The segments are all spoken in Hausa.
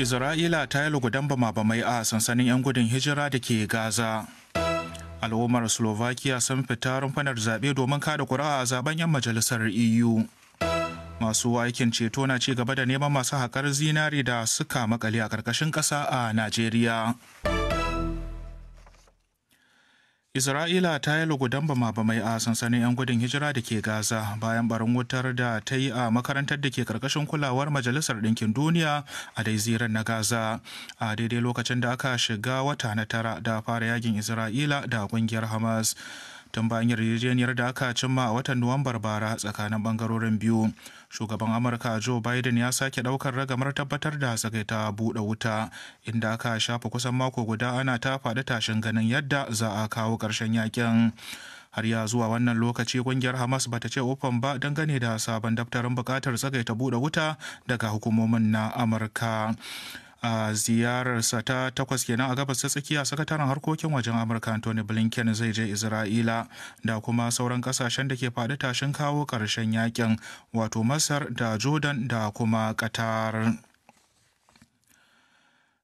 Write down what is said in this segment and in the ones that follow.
Isra'ila ta yi lugudan bama-bamai a sansanin 'yan gudun hijira da ke Gaza. Al'ummar Slovakia sun fita rumfanar zaɓe domin kada ƙuri'a a zaben 'yan majalisar EU. Masu aikin ceto na ci gaba da neman masu haƙar zinari da suka makale a ƙarƙashin ƙasa a Najeriya. Isra'ila ta yi lugudan bama mai a sansanin 'yan gudun hijira da ke Gaza bayan barin wutar da ta yi a makarantar da ke karkashin kulawar Majalisar Ɗinkin Duniya a dai ziran na Gaza a daidai lokacin da aka shiga wata na tara da fara yakin Isra'ila da ƙungiyar Hamas. tun bayan yarjejeniyar da aka cimma a watan nuwambar bara tsakanin bangarorin biyu shugaban amurka joe biden ya sake daukar ragamar tabbatar da ta buɗe wuta inda aka shafa kusan mako guda ana ta faɗi tashin ganin yadda za a kawo ƙarshen yakin har ya zuwa wannan lokaci kungiyar hamas bata ce ofan ba dangane da sabon daftarin bukatar tsagaita buɗe wuta daga hukumomin na amurka a ziyararsa ta takwas kenan a gabas ta tsakiya sakataren harkokin wajen amurka anthony blinken zai je isra'ila da kuma sauran kasashen da ke faɗi tashin kawo ƙarshen yakin wato masar da jordan da kuma qatar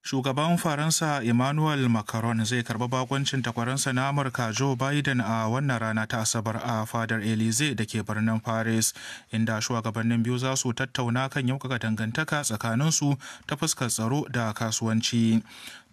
Shugaban Faransa Emmanuel Macron zai karɓi bakoncin takwaransa na Amurka Joe Biden a wannan rana ta Asabar a fadar elize da ke birnin Paris, inda shugabannin biyu za su tattauna kan yaukaka dangantaka tsakaninsu ta fuskar tsaro da kasuwanci.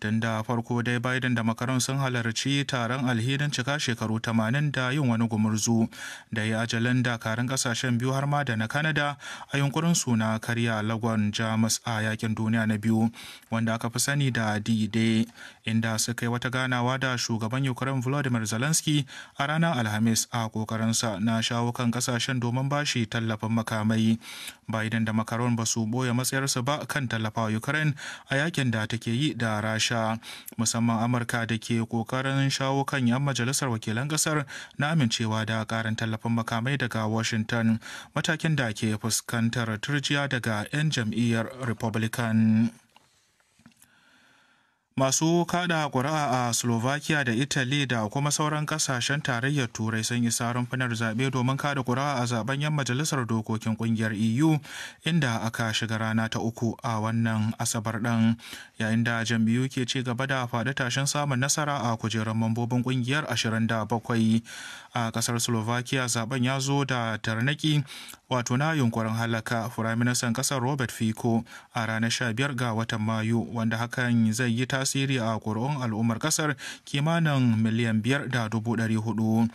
tun da farko dai biden da Macron sun halarci taron alhinin cika shekaru 80 da yin wani gumurzu da ya ajalin dakarun kasashen biyu har ma da na kanada a yunkurin suna karya lagon jamus a yakin duniya na biyu wanda aka fi sani da d-day inda suka yi wata ganawa da shugaban ukraine volodymyr zelensky a ranar alhamis a kokarinsa na shawo kan kasashen domin bashi tallafin makamai biden da Macron ba su boye matsayarsu ba kan tallafawa ukraine a yakin da take yi da rasha rasha musamman amurka da ke kokarin shawo kan 'yan majalisar wakilan kasar na amincewa da karin tallafin makamai daga washington matakin da ke fuskantar turjiya daga 'yan jam'iyyar republican Masu kada ƙuri'a a Slovakia da Italy da kuma sauran ƙasashen tarayyar Turai sun yi rumfunar zaɓe domin kada ƙuri'a a zaben yan majalisar dokokin ƙungiyar EU inda aka shiga rana ta uku a wannan Asabar ɗin yayin da jam'iyyu ke ci gaba da faɗi tashin samun nasara a kujerar mambobin ƙungiyar ashirin da bakwai a ƙasar Slovakia zaben ya zo da tarnaki wato na yunkurin halaka Firaministan ƙasar Robert Fico a ranar sha biyar ga watan Mayu wanda hakan zai yi tasiri tasiri a kuri'un al'ummar kasar kimanin miliyan biyar da dubu ɗari hudu.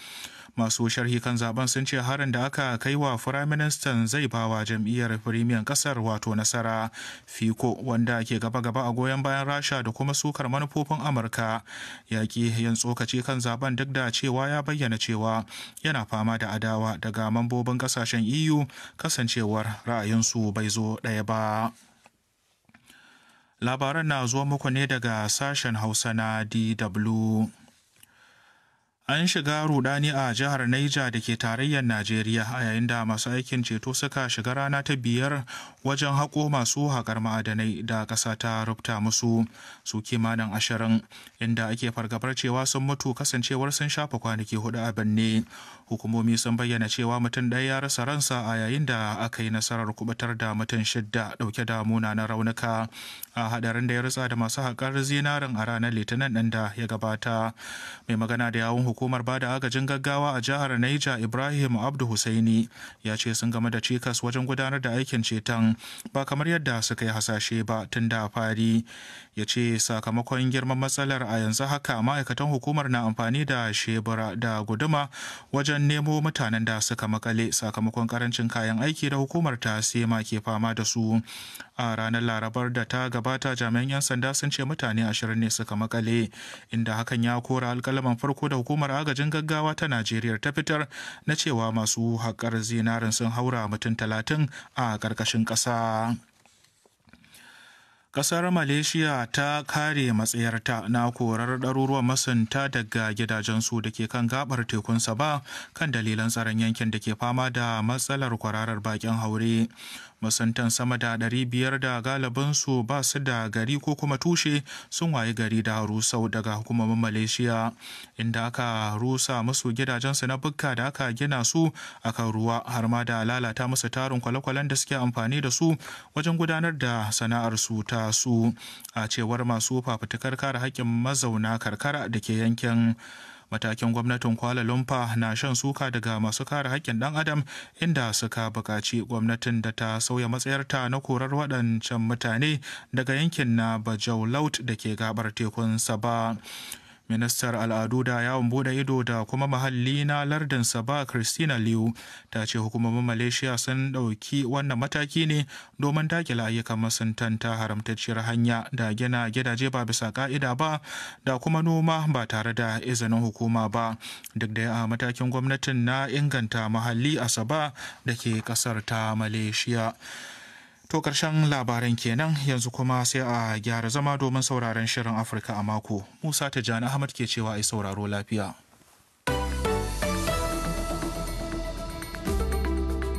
masu sharhi kan zaben sun ce harin da aka kai wa firaministan zai bawa jam'iyyar firimiyan kasar wato nasara fiko wanda ke gaba-gaba a goyon bayan rasha da kuma sukar manufofin amurka yaƙi yin tsokaci kan zaben duk da cewa ya bayyana cewa yana fama da adawa daga mambobin kasashen eu kasancewar ra'ayinsu bai zo ɗaya ba. Labaran na zuwa muku ne daga sashen Hausa na DW. An shiga rudani a jihar Niger da ke tarayyar Najeriya a yayin da masu aikin ceto suka shiga rana ta biyar wajen haƙo masu haƙar ma'adanai da ƙasa ta rubuta musu su kimanin ashirin inda ake fargabar cewa sun mutu kasancewar sun shafa kwanaki hudu a birni Hukumomi sun bayyana cewa mutum ɗaya ya rasa ransa a yayin da aka yi nasarar kubutar da mutum shidda ɗauke da munanan raunuka a haɗarin da ya rutsa da masu haƙar zinarin a ranar Litinin ɗin da ya gabata. Mai magana da yawun hukumar bada agajin gaggawa a jihar Niger Ibrahim Abdu Husaini ya ce sun game da cikas wajen gudanar da aikin ceton ba kamar yadda suka yi hasashe ba tun da fari ya ce sakamakon girman matsalar a yanzu haka ma'aikatan hukumar na amfani da shebura da guduma wajen nemo mutanen da suka makale sakamakon karancin kayan aiki da hukumar ta sema ke fama da su a ranar larabar da ta gabata jami'an 'yan sanda sun ce mutane ashirin ne suka makale inda hakan ya kora alkalaman farko da hukumar agajin gaggawa ta najeriya ta fitar na cewa masu haƙar zinarin sun haura mutum talatin a ƙarƙashin ƙasa. Ƙasar Malaysia ta kare matsayarta na korar ɗaruruwan masunta daga gidajensu da ke kan gabar tekun sa ba kan dalilan tsaron yankin da ke fama da matsalar kwararar bakin haure. masantan sama da ɗari biyar da galibinsu ba su da gari ko kuma tushe sun waye gari da rusau daga hukumomin malaysia inda aka rusa musu gidajensu na bukka da aka gina su akan ruwa har ma da lalata musu tarin kwale-kwalen da suke amfani da su wajen gudanar da sana'ar su ta su a cewar masu fafutukar kare haƙƙin mazauna karkara da ke yankin matakin gwamnatin kwale Lumpur na shan suka daga masu kare haƙƙin ɗan adam inda suka buƙaci gwamnatin da ta sauya matsayarta na korar waɗancan mutane daga yankin na Bajau Laut da ke gabar tekun ba. ministar al'adu da yawon bude ido da kuma mahalli na lardin ba christina liu ta ce hukumomin malaysia sun ɗauki wannan mataki ne domin dakila ayyukan ta haramtacciyar hanya da gina gidaje ba bisa ka'ida ba da kuma noma ba tare da izinin hukuma ba duk da a matakin gwamnatin na inganta mahalli a da ke kasar ta malaysia To ƙarshen labaran kenan yanzu kuma sai a gyara zama domin sauraron shirin Afirka a mako. Musa Tijjani Ahmad ke cewa ai sauraro lafiya.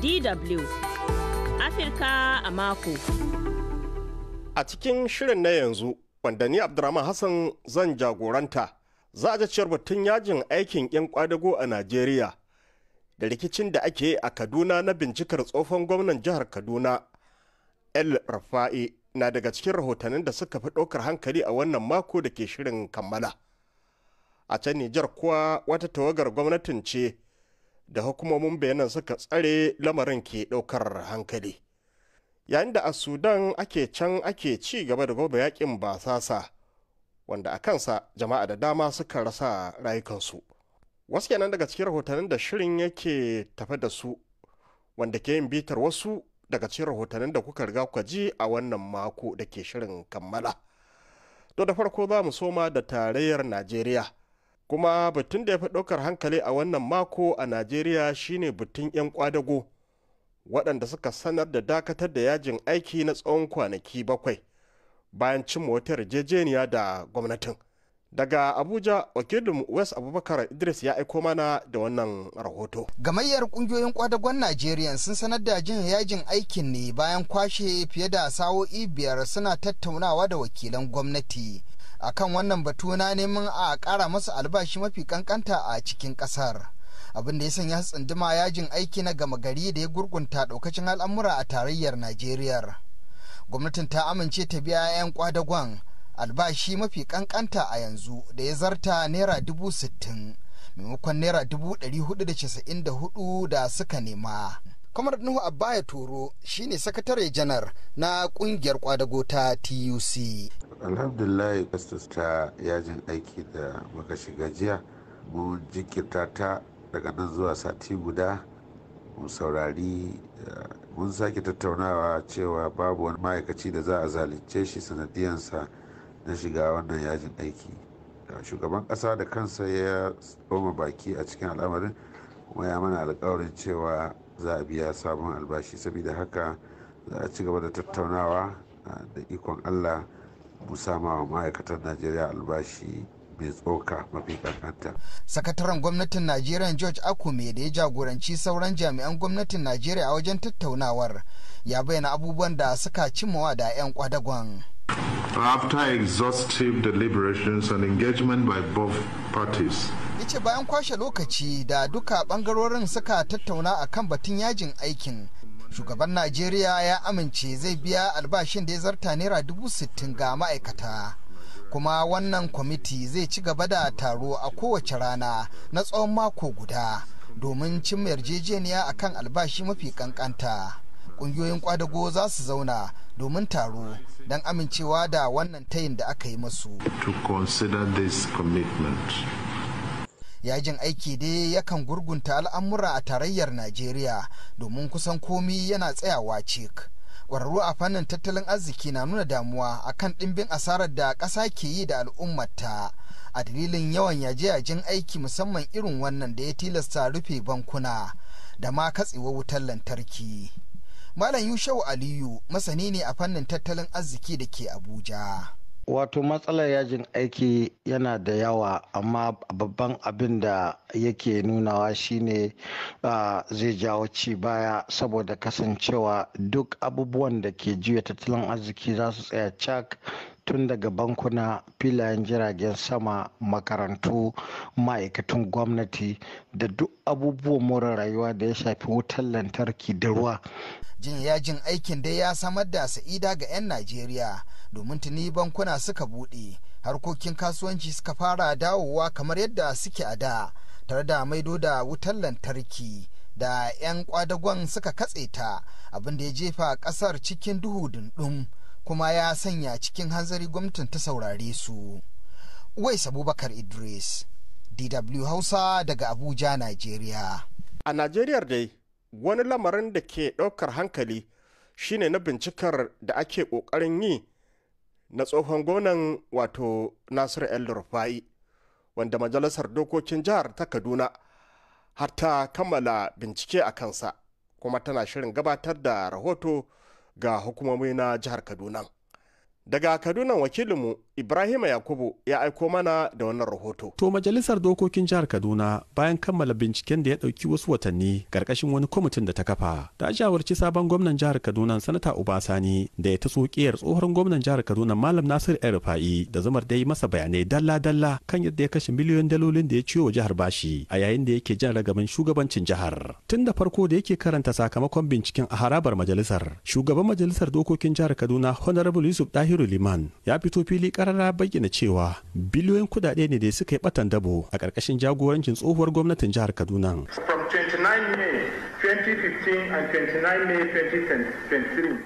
DW Afirka a mako. A cikin shirin na yanzu wanda ni Abdurrahman Hassan zan jagoranta za a ciyar batun yajin aikin 'yan kwadago a Najeriya da rikicin da ake a Kaduna na bincikar tsohon gwamnan jihar Kaduna el rafa'i na daga cikin rahotannin da suka fi ɗaukar hankali a wannan mako da ke shirin kammala a can nijar kuwa wata tawagar gwamnatin ce da hukumomin bayanan suka tsare lamarin ke ɗaukar hankali yayin da a sudan ake can ake ci gaba da gobe yakin basasa wanda a kansa jama'a da dama suka rasa rayukansu wasu kenan daga cikin rahotannin da shirin yake tafe da su wanda ke yin bitar wasu daga cikin rahotannin da kuka riga kuka ji a wannan mako da ke shirin kammala to da farko za mu soma da tarayyar najeriya kuma batun da ya fi ɗaukar hankali a wannan mako a najeriya shine batun 'yan kwadago waɗanda suka sanar da dakatar da yajin aiki na tsawon kwanaki bakwai bayan cimma wata yarjejeniya da gwamnatin. daga abuja wakilin west abubakar idris ya aiko mana da wannan rahoto gamayyar kungiyoyin kwadagon najeriya sun sanar da jin yajin aikin ne bayan kwashe fiye da sa'o'i biyar suna tattaunawa da wakilan gwamnati akan wannan batu na neman a kara masu albashi mafi kankanta a cikin kasar abin da ya sanya tsunduma yajin aiki na gama gari da ya gurgunta daukacin al'amura a tarayyar najeriya gwamnatin ta amince ta biya 'yan kwadagon albashi mafi kankanta a yanzu da ya zarta naira dubu sittin maimakon naira dubu ɗari hudu da casa'in da hudu da suka nema kamar nuhu abaya toro shine sakatare janar na kungiyar kwadago ta tuc alhamdulillah ta yajin aiki da muka shiga jiya mun jinkirta ta daga nan zuwa sati guda mun saurari eh, mun sake tattaunawa cewa babu wani ma'aikaci da za a zalunce shi sanadiyansa na shiga wannan yajin aiki shugaban kasa da kansa ya tsoma baki a cikin al'amarin kuma ya mana alkawarin cewa za a biya sabon albashi saboda haka za a ci gaba da tattaunawa ah, da ikon allah sama wa ma'aikatar najeriya albashi mai tsoka mafi kankanta. sakataren gwamnatin najeriya george akume da ya jagoranci sauran jami'an gwamnatin najeriya a wajen tattaunawar ya bayyana abubuwan da suka cimmawa da 'yan kwadagon. after exhaustive deliberations and engagement by both parties. ya bayan kwashe lokaci da duka bangarorin suka tattauna a kan batun yajin aikin shugaban najeriya ya amince zai biya albashin da ya zarta naira dubu sittin ga ma'aikata kuma wannan kwamiti zai ci gaba da taro a kowace rana na tsawon mako guda domin cimma yarjejeniya akan albashi mafi kankanta ƙungiyoyin kwadago za su zauna domin taro don amincewa da wannan tayin da aka yi masu. To commitment. yajin aiki dai yakan gurgunta al'amura a tarayyar najeriya domin kusan komi yana tsayawa cik ƙwararru a fannin tattalin arziki na nuna damuwa akan ɗimbin asarar da ƙasa ke yi da al'ummata a dalilin yawan yaje-yajen aiki musamman irin wannan da ya tilasta rufe bankuna da ma katsewa wutar lantarki Malam Yushau Aliyu masani ne a fannin tattalin arziki da ke Abuja. Wato matsalar yajin aiki yana da yawa amma babban abin da yake nunawa shine zai jawo ci baya saboda kasancewa duk abubuwan da ke juya tattalin arziki za su tsaya cak tun daga bankuna filayen jiragen sama makarantu ma'aikatan gwamnati da duk abubuwan more rayuwa da ya shafi wutar lantarki da ruwa jin yajin aikin dai ya samar da sa'ida ga 'yan najeriya domin tuni bankuna suka buɗe harkokin kasuwanci suka fara dawowa kamar yadda suke a da tare da maido da wutar lantarki da 'yan kwadagon suka katse ta abin da ya jefa kasar cikin duhu dundun kuma ya sanya cikin hanzari gwamnatin ta saurare su wais idris dw hausa daga abuja nigeria a najeriya dai wani lamarin da ke ɗaukar hankali shine na bincikar da ake ƙoƙarin yi na tsohon gonan wato nasiru el rufai wanda majalisar dokokin jihar ta kaduna har ta kammala bincike a kansa kuma tana shirin gabatar da rahoto ga hukumomi na jihar kaduna daga kaduna wakilinmu Ibrahim Yakubu ya aiko mana da wannan rahoto. To majalisar dokokin jihar Kaduna bayan kammala binciken da ya ɗauki wasu watanni ƙarƙashin wani kwamitin da ta kafa ta shawarci sabon gwamnan jihar Kaduna sanata Ubasani da ya taso ƙiyar tsohon gwamnan jihar Kaduna Malam Nasir erfai da zamar da yi masa bayanai dalla-dalla kan yadda ya kashe miliyoyin dalolin da ya ciwo jihar bashi a yayin da yake jan ragaban shugabancin jihar. Tun da farko da yake karanta sakamakon binciken a harabar majalisar, shugaban majalisar dokokin jihar Kaduna Honorable Yusuf Dahiru Liman ya fito fili karara bayyana cewa biliyoyin kudade ne da suka yi batan dabo a ƙarƙashin jagorancin tsohuwar gwamnatin jihar kaduna 2015 and 29 May 2023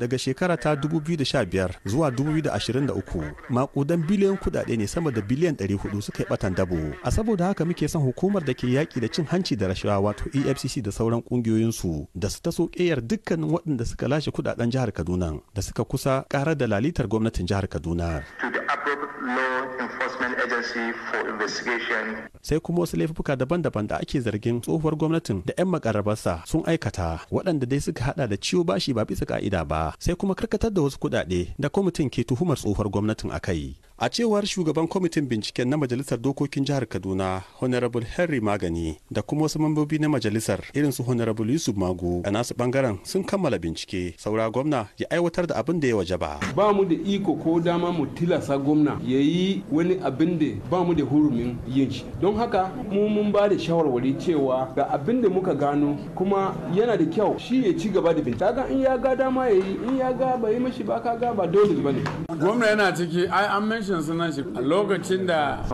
daga shekara ta 2015 zuwa 2023 makudan biliyan kudade ne sama da biliyan 400 suka yi batan dabo a saboda haka muke son hukumar da ke yaƙi da cin hanci da rashawa wato efcc da sauran ƙungiyoyinsu da su taso ƙeyar dukkanin waɗanda suka lashe kudaden jihar kaduna da suka kusa ƙarar da lalitar gwamnatin jihar kaduna law enforcement agency for investigation sai kuma wasu laifuka daban-daban da ake zargin tsohuwar gwamnatin da 'yan makarabarsa sun aikata waɗanda dai suka hada da ciwo bashi ba bisa ka'ida ba sai kuma karkatar da wasu kuɗaɗe da kwamitin ke tuhumar tsohuwar gwamnatin a kai a cewar shugaban kwamitin binciken na majalisar dokokin jihar kaduna honorable henry magani da kuma wasu mambobi na majalisar irin su honorable yusuf Magu, a nasu bangaren sun kammala bincike saura gwamna ya aiwatar da abin da ya waje ba Ba mu da iko ko dama mu tilasa gwamna ya yi wani abin da ba mu da hurumin yin shi don haka mu mun ba da shawarwari cewa ga abin da muka gano kuma yana da kyau shi ya ci gaba da bincike ga in ya ga dama ya yi in ya ga ba yi mashi ba ka ga ba dole bane gwamna yana ciki mention sunan shi a lokacin da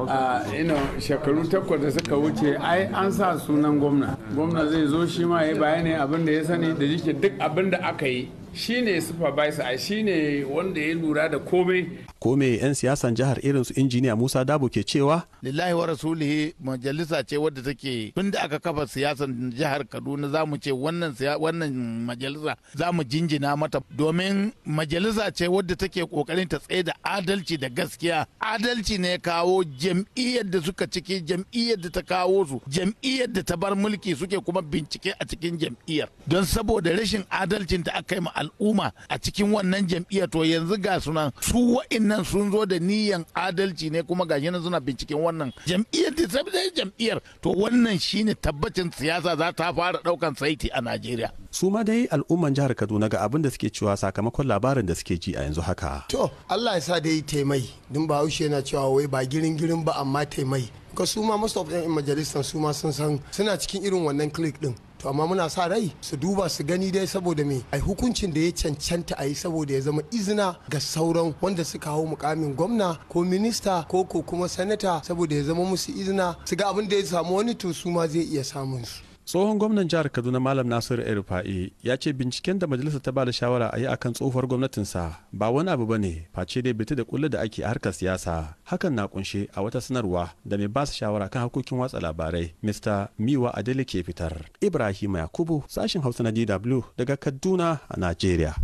shekaru takwas da suka wuce ai an sa sunan gwamna gwamna zai zo shi ma ya bayani abin da ya sani da jike duk abin da aka yi shi ne supervisor a ne wanda ya lura da komai kome 'yan siyasan jihar irin su injiniya musa dabo ke cewa lillahi wa rasulihi majalisa ce wadda take tun da aka kafa siyasan jihar kaduna za mu ce wannan wannan majalisa za mu jinjina mata domin majalisa ce wadda take kokarin ta tsaye da adalci da gaskiya adalci ne kawo jam'iyyar da suka ciki jam'iyyar da ta kawo su jam'iyyar da ta bar mulki suke kuma bincike a cikin jam'iyyar don saboda rashin adalcin da aka yi ma al'umma a cikin wannan jam'iyyar to yanzu ga sunan su wa'innan sun zo da niyan adalci ne kuma ga nan suna binciken wannan jam'iyyar da sabida jam'iyyar to wannan shine tabbacin siyasa za ta fara daukan saiti a Najeriya su ma dai al'umman jihar Kaduna ga abin da suke cewa sakamakon labarin da suke ji a yanzu haka to Allah ya sa dai taimai din Bahaushe yana cewa wai ba girin girin ba amma taimai ka su ma most of 'yan majalisar su sun san suna cikin irin wannan click din to amma muna sa rai su duba su gani dai saboda me ai hukuncin da ya cancanta a yi saboda ya zama izina ga sauran wanda suka hau mukamin gwamna ko minista ko ko kuma sanata saboda ya zama musu izina su ga abin da ya samu wani to su ma zai iya samun su tsohon gwamnan jihar kaduna malam nasir rufa'i ya ce binciken da majalisa ta ba da shawara a yi a kan tsohuwar gwamnatinsa ba wani abu ba ne face dai bita da kulle da ake a harkar siyasa hakan na kunshe a wata sanarwa da mai ba shawara kan hakokin watsa labarai mr miwa adele ke fitar ibrahim yakubu sashen hausa na dw daga kaduna a nigeria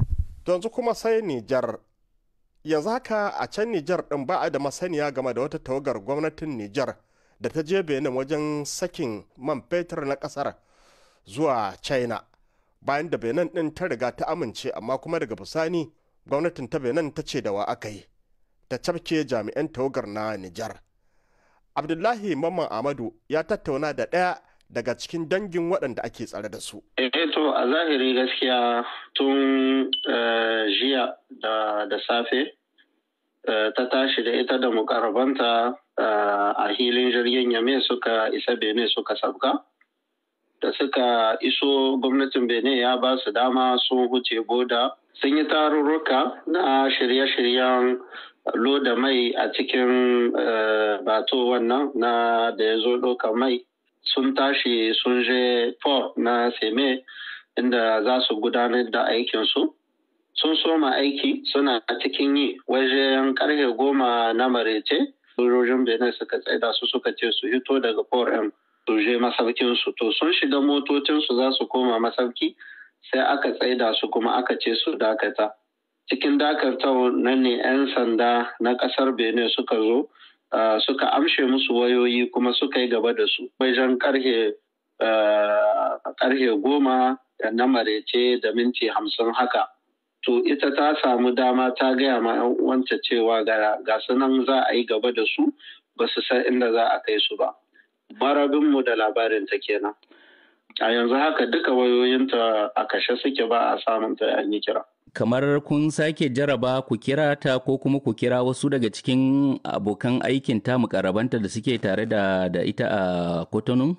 yanzu kuma sai nijar yanzu haka a can nijar din ba a da masaniya game da wata tawagar gwamnatin nijar da ta je benin wajen sakin man fetur na kasar zuwa china bayan da benin din ta riga ta amince amma kuma daga bisani gwamnatin ta benin ta ce da wa aka yi ta cafke jami'an tawagar na nijar abdullahi mamman amadu ya tattauna da ɗaya daga cikin dangin waɗanda ake tsare da su. Eh, eh, to a zahiri gaskiya tun eh, jiya da safe ta tashi da ita da mukarabanta a hilin jirgin yame suka isa bene suka sauka da suka iso gwamnatin bene ya ba su dama sun huce boda sun yi tarurruka na shirye-shiryen loda mai a cikin bato wannan na da ya zo ɗaukar mai sun tashi sun je fort na seme inda za su gudanar da aikinsu sun soma aiki suna cikin yi wajen karfe goma na marece sojojin benin suka tsaida su suka ce su hito daga forum su je masaukin su to sun shiga motocin su za su koma masauki sai aka tsaida su kuma aka ce su dakata cikin dakatar nan ne 'yan sanda na kasar benin suka zo suka amshe musu wayoyi kuma suka yi gaba da su wajen karhe karhe goma na marece da minti hamsin haka to ita ta samu dama ta gaya ma yan uwanta cewa ga nan za a yi gaba da su ba su san inda za a kai su ba marabinmu da labarin ta kenan a yanzu haka duka wayoyinta a kashe suke ba a samun ta an yi kira kamar kun sake jaraba ku kira ta ko kuma ku kira wasu daga cikin abokan aikin ta karabanta da suke tare da ita a kotonun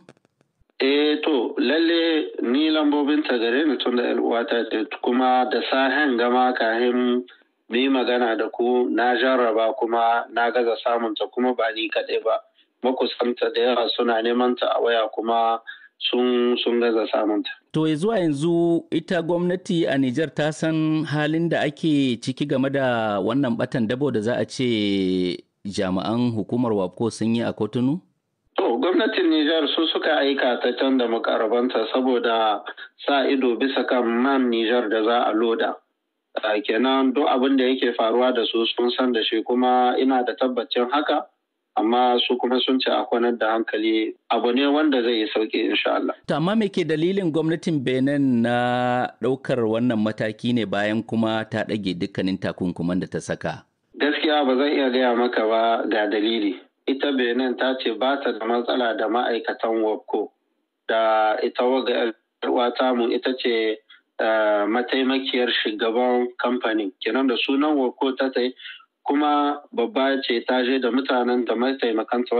Eh to lalle ni lambobin ta gare ni tun da ‘yar ce kuma da sahen gama kahin ni magana da ku na jarraba kuma na gaza samunta kuma ba ni kaɗai ba makusanta da yawa suna neman ta a waya kuma sun sun gaza samunta. To zuwa yanzu ita gwamnati a Nijar ta san halin da ake ciki game da wannan batan dabo da za a ce jami'an hukumar WAPCO sun yi a Kotunu? To, gwamnatin Nijar su suka aika ta can da makarabanta saboda sa ido bisa kan man Nijar da za a loda. kenan duk abin da yake faruwa da su sun san da shi kuma ina da tabbacin haka. amma su kuma sun ci a kwanar da hankali abu ne wanda zai yi sauki insha Allah. To amma ke dalilin gwamnatin Benin na ɗaukar wannan mataki ne bayan kuma ta ɗage dukkanin takunkuman da ta saka? Gaskiya ba zan iya gaya maka ba ga dalili. ita benin ta ce ba ta da matsala da ma'aikatan wapco da ita waga wata mu ita ce eh, mataimakiyar shugaban kamfani kenan da sunan wapco ta ta kuma babba ce ta je da mutanen da mataimakanta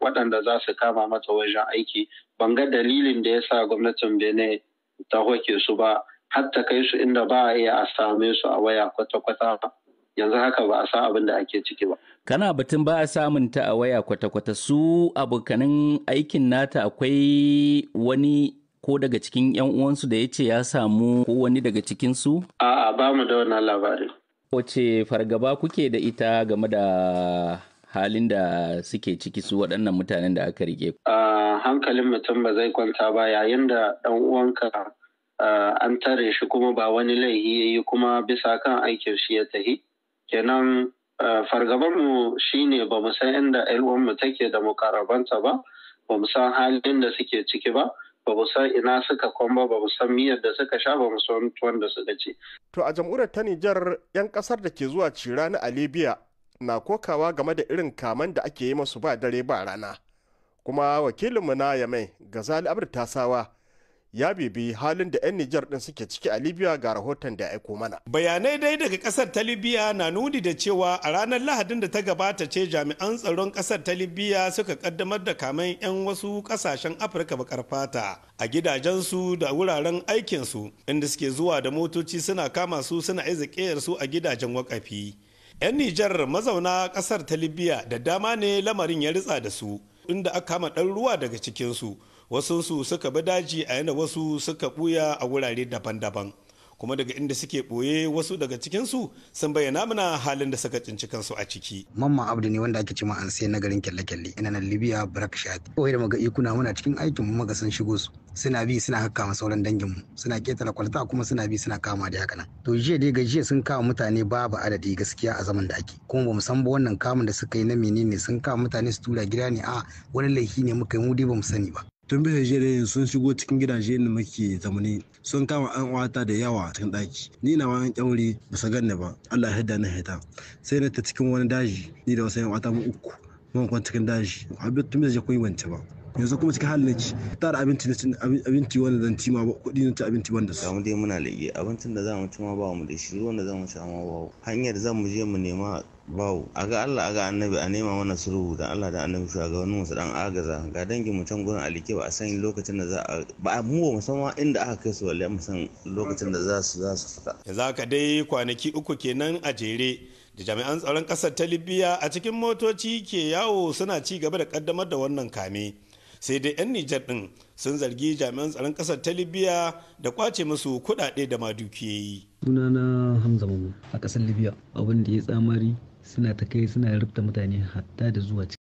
waɗanda za su kama mata wajen aiki ban ga dalilin da ya sa gwamnatin benin ta hoke su ba har ta kai su inda ba a iya a same su a waya kwata-kwata ba. yanzu haka ba a san abin da ake ciki ba. Kana batun ba a samun ta a waya kwata-kwata su abokanin aikin nata akwai wani ko daga cikin 'yan uwansu da ya ce ya samu ko wani daga cikinsu? A'a ba mu da wannan labarin. Wace fargaba kuke da ita game da halin da suke ciki su waɗannan mutanen da aka rike? A hankalin mutum ba zai kwanta ba yayin da ɗan uwanka an tare shi kuma ba wani laihi ya yi kuma bisa kan aikin shi ya tahi. kenan eh, fargabarmu shine ba mu san inda mu take da mukarabanta ba ba mu san halin da suke ciki ba ba mu san ina suka kwamba ba mu san miyar da suka sha ba mu san wanda suka ci. to a jam'urar ta nijar yan kasar da ke zuwa cira na alibiya na kokawa game da irin kaman da ake yi masu ba dare ba rana kuma wakilinmu na yamai zali abir tasawa ya bibi halin da 'yan Nijar ɗin suke ciki a Libya ga rahoton da ya aiko mana. Bayanai dai daga ƙasar ta Libya na nuni da cewa a ranar Lahadin da ta gabata ce jami'an tsaron ƙasar ta Libya suka ƙaddamar da kamen 'yan wasu ƙasashen Afirka bakar fata a gidajensu da wuraren aikinsu inda suke zuwa da motoci suna kama su suna su a gidajen wakafi. 'Yan Nijar mazauna ƙasar ta Libya da dama ne lamarin ya ritsa da su inda aka kama ɗan ruwa daga cikinsu. wasu su suka bi daji a yana wasu suka buya a wurare daban-daban kuma daga inda suke boye wasu daga cikinsu sun bayyana mana halin da suka cinci kansu a ciki. Mamma Abdu ne wanda ake ce ma an sai nagarin garin kyalle-kyalle ina nan Libya Brakshati. Kawai da maga ikuna muna cikin aikin mu maga sun shigo su. Suna bi suna hakka ma sauran dangin mu suna ketare kwalta kuma suna bi suna kama da haka To jiya dai gajiya sun kama mutane babu adadi gaskiya a zaman da ake. Kuma bamu san ba wannan kamun da suka yi na menene sun kama mutane su tura gida ne a wani laifi ne muka yi mu dai bamu sani ba. tun bisa jere sun shigo cikin gidaje da muke zamani sun kama an wata da yawa cikin daki ni na wani kyauri ba su ganni ba allah ya hada na hita sai na ta cikin wani daji ni da wasu yan wata mu uku mun kwan cikin daji abu tun bisa je kun wance ba yanzu kuma cikin halin ci tara abinci na abinci wanda zan ci ma ba kuɗi na ci abinci wanda su mu dai muna lege abincin da za mu ci ma ba mu da shi ruwan da za mu sha ma ba hanyar za mu je mu nema bawo a ga Allah a ga annabi a nema mana sulhu dan Allah da annabi shi ga wani wasu dan agaza ga dangin mu can gurin alike ba a san lokacin da za a ba mu ba musamman inda aka kai su walle mu lokacin da za su za su fita yanzu haka dai kwanaki uku kenan a jere da jami'an tsaron kasar ta Libya a cikin motoci ke yawo suna ci gaba da kaddamar da wannan kame sai dai 'yan Nijar din sun zargi jami'an tsaron kasar ta Libya da kwace musu kuɗaɗe da madukiyoyi. Sunana Hamza Mamu a kasar Libya abin da ya tsamari suna ta kai suna rubta mutane hatta da zuwa